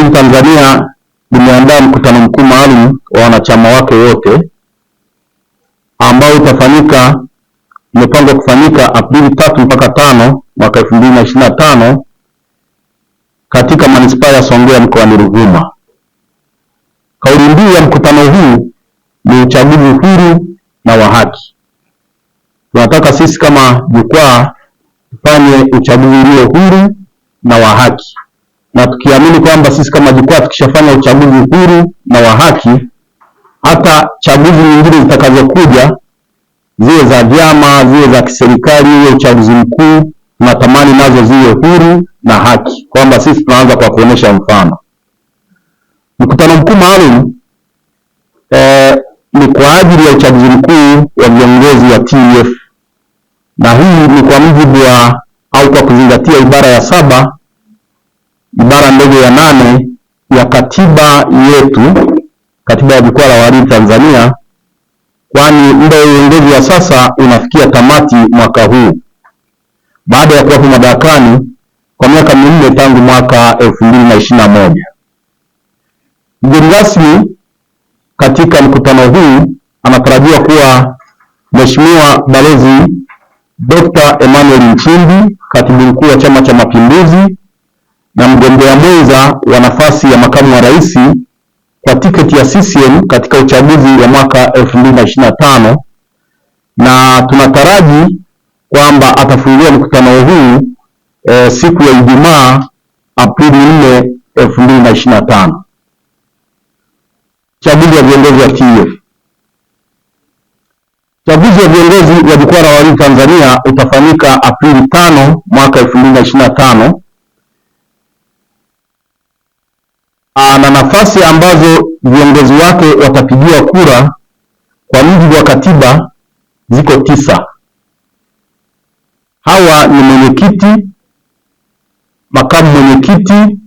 Walimu Tanzania limeandaa mkutano mkuu maalum wa wanachama wake wote ambao utafanyika umepangwa kufanyika Aprili tatu mpaka tano mwaka elfu mbili na ishirini na tano katika manispaa ya Songea mkoani Ruvuma. Kauli mbiu ya mkutano huu ni uchaguzi huru na wa haki. Tunataka sisi kama jukwaa tufanye uchaguzi ulio huru na wa haki na tukiamini kwamba sisi kama jukwaa tukishafanya uchaguzi huru na wa haki, hata chaguzi nyingine zitakazokuja ziwe za vyama, ziwe za kiserikali, iwe uchaguzi mkuu, tunatamani nazo ziwe huru na haki, kwamba sisi tunaanza kwa kuonesha mfano. Mkutano mkuu maalum eh, ni kwa ajili ya uchaguzi mkuu wa viongozi wa TEF na hii ni kwa mujibu wa au kwa kuzingatia ibara ya saba ibara ndogo ya nane ya katiba yetu, katiba ya jukwaa la wahariri Tanzania, kwani muda wa uongozi wa sasa unafikia tamati mwaka huu baada ya kuwapo madarakani kwa miaka minne tangu mwaka elfu mbili na ishirini na moja. Mgeni rasmi katika mkutano huu anatarajiwa kuwa Mheshimiwa Balozi Dr. Emmanuel Nchimbi, katibu mkuu wa Chama cha Mapinduzi, na mgombea mwenza wa nafasi ya makamu wa rais kwa tiketi ya CCM katika uchaguzi wa mwaka 2025 na tunataraji kwamba atafungua mkutano huu e, siku ya Ijumaa Aprili 4, 2025. Chaguzi ya viongozi wa TEF. Chaguzi ya viongozi wa Jukwaa la Tanzania utafanyika Aprili 5 mwaka 2025 Ah, na nafasi ambazo viongozi wake watapigiwa kura kwa mujibu wa katiba ziko tisa. Hawa ni mwenyekiti, makamu mwenyekiti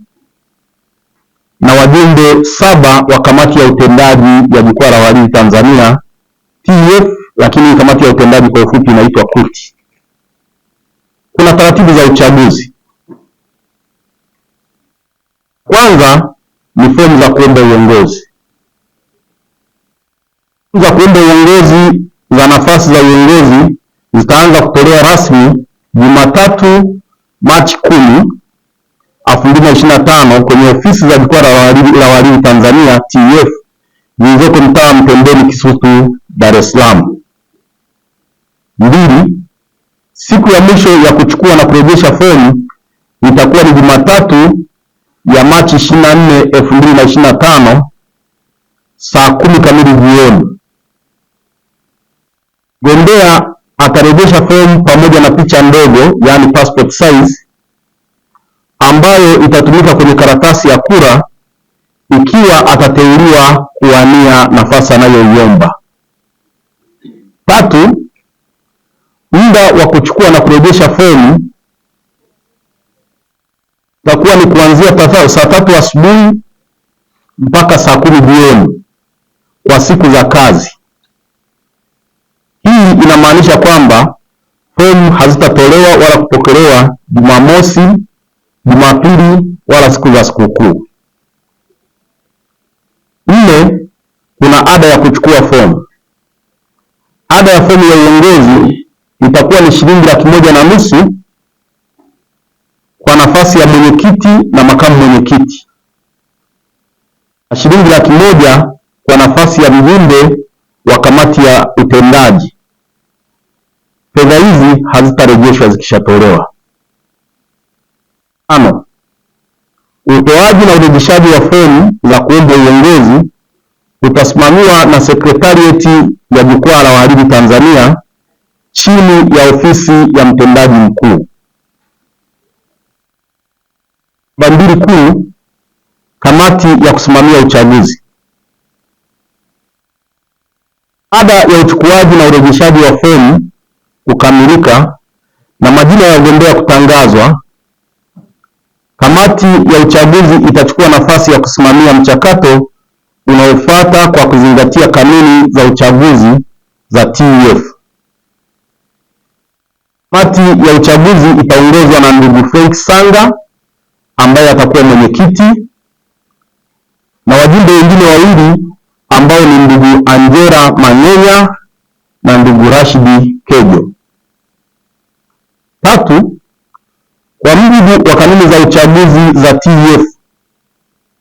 na wajumbe saba wa kamati ya utendaji ya Jukwaa la Wahariri Tanzania TF, lakini kamati ya utendaji kwa ufupi inaitwa KUTI. Kuna taratibu za uchaguzi. Kwanza ni fomu za kuomba uongozi. Fomu za kuomba uongozi za nafasi za uongozi zitaanza kutolewa rasmi Jumatatu Machi kumi elfu mbili na ishirini na tano kwenye ofisi za jukwaa la walimu Tanzania TEF zilizoko mtaa Mtendeni, Kisutu, Dar es Salaam. Mbili, siku ya mwisho ya kuchukua na kurejesha fomu itakuwa ni Jumatatu ya Machi 24, 2025 saa kumi kamili jioni. Gombea atarejesha fomu pamoja na picha ndogo, yaani passport size, ambayo itatumika kwenye karatasi ya kura ikiwa atateuliwa kuwania nafasi anayoiomba. Tatu, muda wa kuchukua na kurejesha fomu takuwa ni kuanzia saa tatu asubuhi mpaka saa kumi jioni kwa siku za kazi. Hii inamaanisha kwamba fomu hazitatolewa wala kupokelewa Jumamosi, Jumapili wala siku za sikukuu. Nne, kuna ada ya kuchukua fomu. Ada ya fomu ya uongozi itakuwa ni shilingi laki moja na nusu kwa nafasi ya mwenyekiti na makamu mwenyekiti na shilingi laki moja kwa nafasi ya mjumbe wa kamati ya utendaji. Fedha hizi hazitarejeshwa zikishatolewa. Tano, utoaji na urejeshaji wa fomu za kuomba uongozi utasimamiwa na sekretarieti ya Jukwaa la Wahariri Tanzania chini ya ofisi ya mtendaji mkuu. Bamburi Kuu, kamati ya kusimamia uchaguzi. Baada ya uchukuaji na urejeshaji wa fomu kukamilika na majina ya wagombea kutangazwa, kamati ya uchaguzi itachukua nafasi ya kusimamia mchakato unaofuata kwa kuzingatia kanuni za uchaguzi za TEF. Kamati ya uchaguzi itaongozwa na ndugu Frank Sanga ambaye atakuwa mwenyekiti na wajumbe wengine wawili ambao ni ndugu Angela Manyenya na ndugu Rashidi Kejo. Tatu, kwa mujibu wa kanuni za uchaguzi za TEF,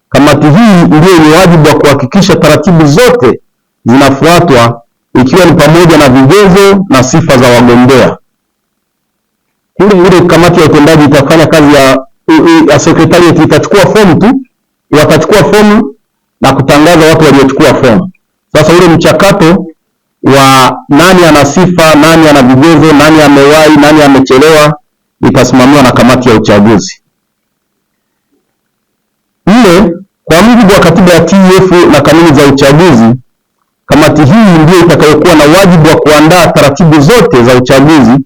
kamati hii ndiyo yenye wajibu wa kuhakikisha taratibu zote zinafuatwa ikiwa ni pamoja na vigezo na sifa za wagombea. ile ile kamati ya utendaji itafanya kazi ya ya sekretarieti itachukua fomu tu, watachukua fomu na kutangaza watu waliochukua fomu. Sasa ule mchakato wa nani ana sifa, nani ana vigezo, nani amewahi, nani amechelewa, itasimamiwa na kamati ya uchaguzi. Nne, kwa mujibu wa katiba ya TEF na kanuni za uchaguzi, kamati hii ndio itakayokuwa na wajibu wa kuandaa taratibu zote za uchaguzi,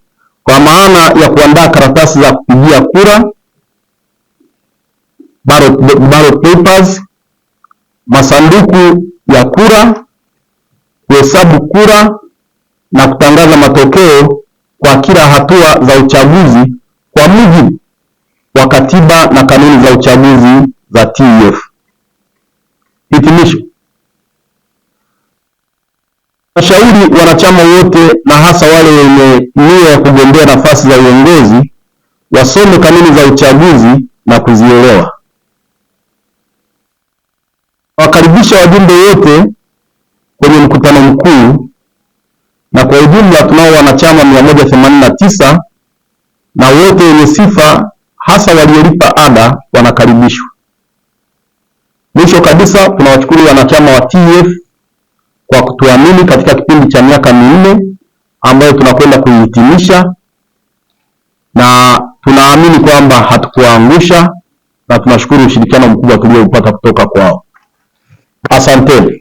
kwa maana ya kuandaa karatasi za kupigia kura ballot, papers, masanduku ya kura, kuhesabu kura na kutangaza matokeo kwa kila hatua za uchaguzi kwa mujibu wa katiba na kanuni za uchaguzi za TEF. Hitimisho. Nashauri wanachama wote na hasa wale wenye nia ya kugombea nafasi za uongozi wasome kanuni za uchaguzi na kuzielewa. Nawakaribisha wajumbe wote kwenye mkutano mkuu, na kwa ujumla tunao wanachama 189 na wote wenye sifa hasa waliolipa ada wanakaribishwa. Mwisho kabisa, tunawashukuru wanachama wa TF kwa kutuamini katika kipindi cha miaka minne ambayo tunakwenda kuihitimisha, na tunaamini kwamba hatukuwaangusha, na tunashukuru ushirikiano mkubwa tulioupata kutoka kwao. a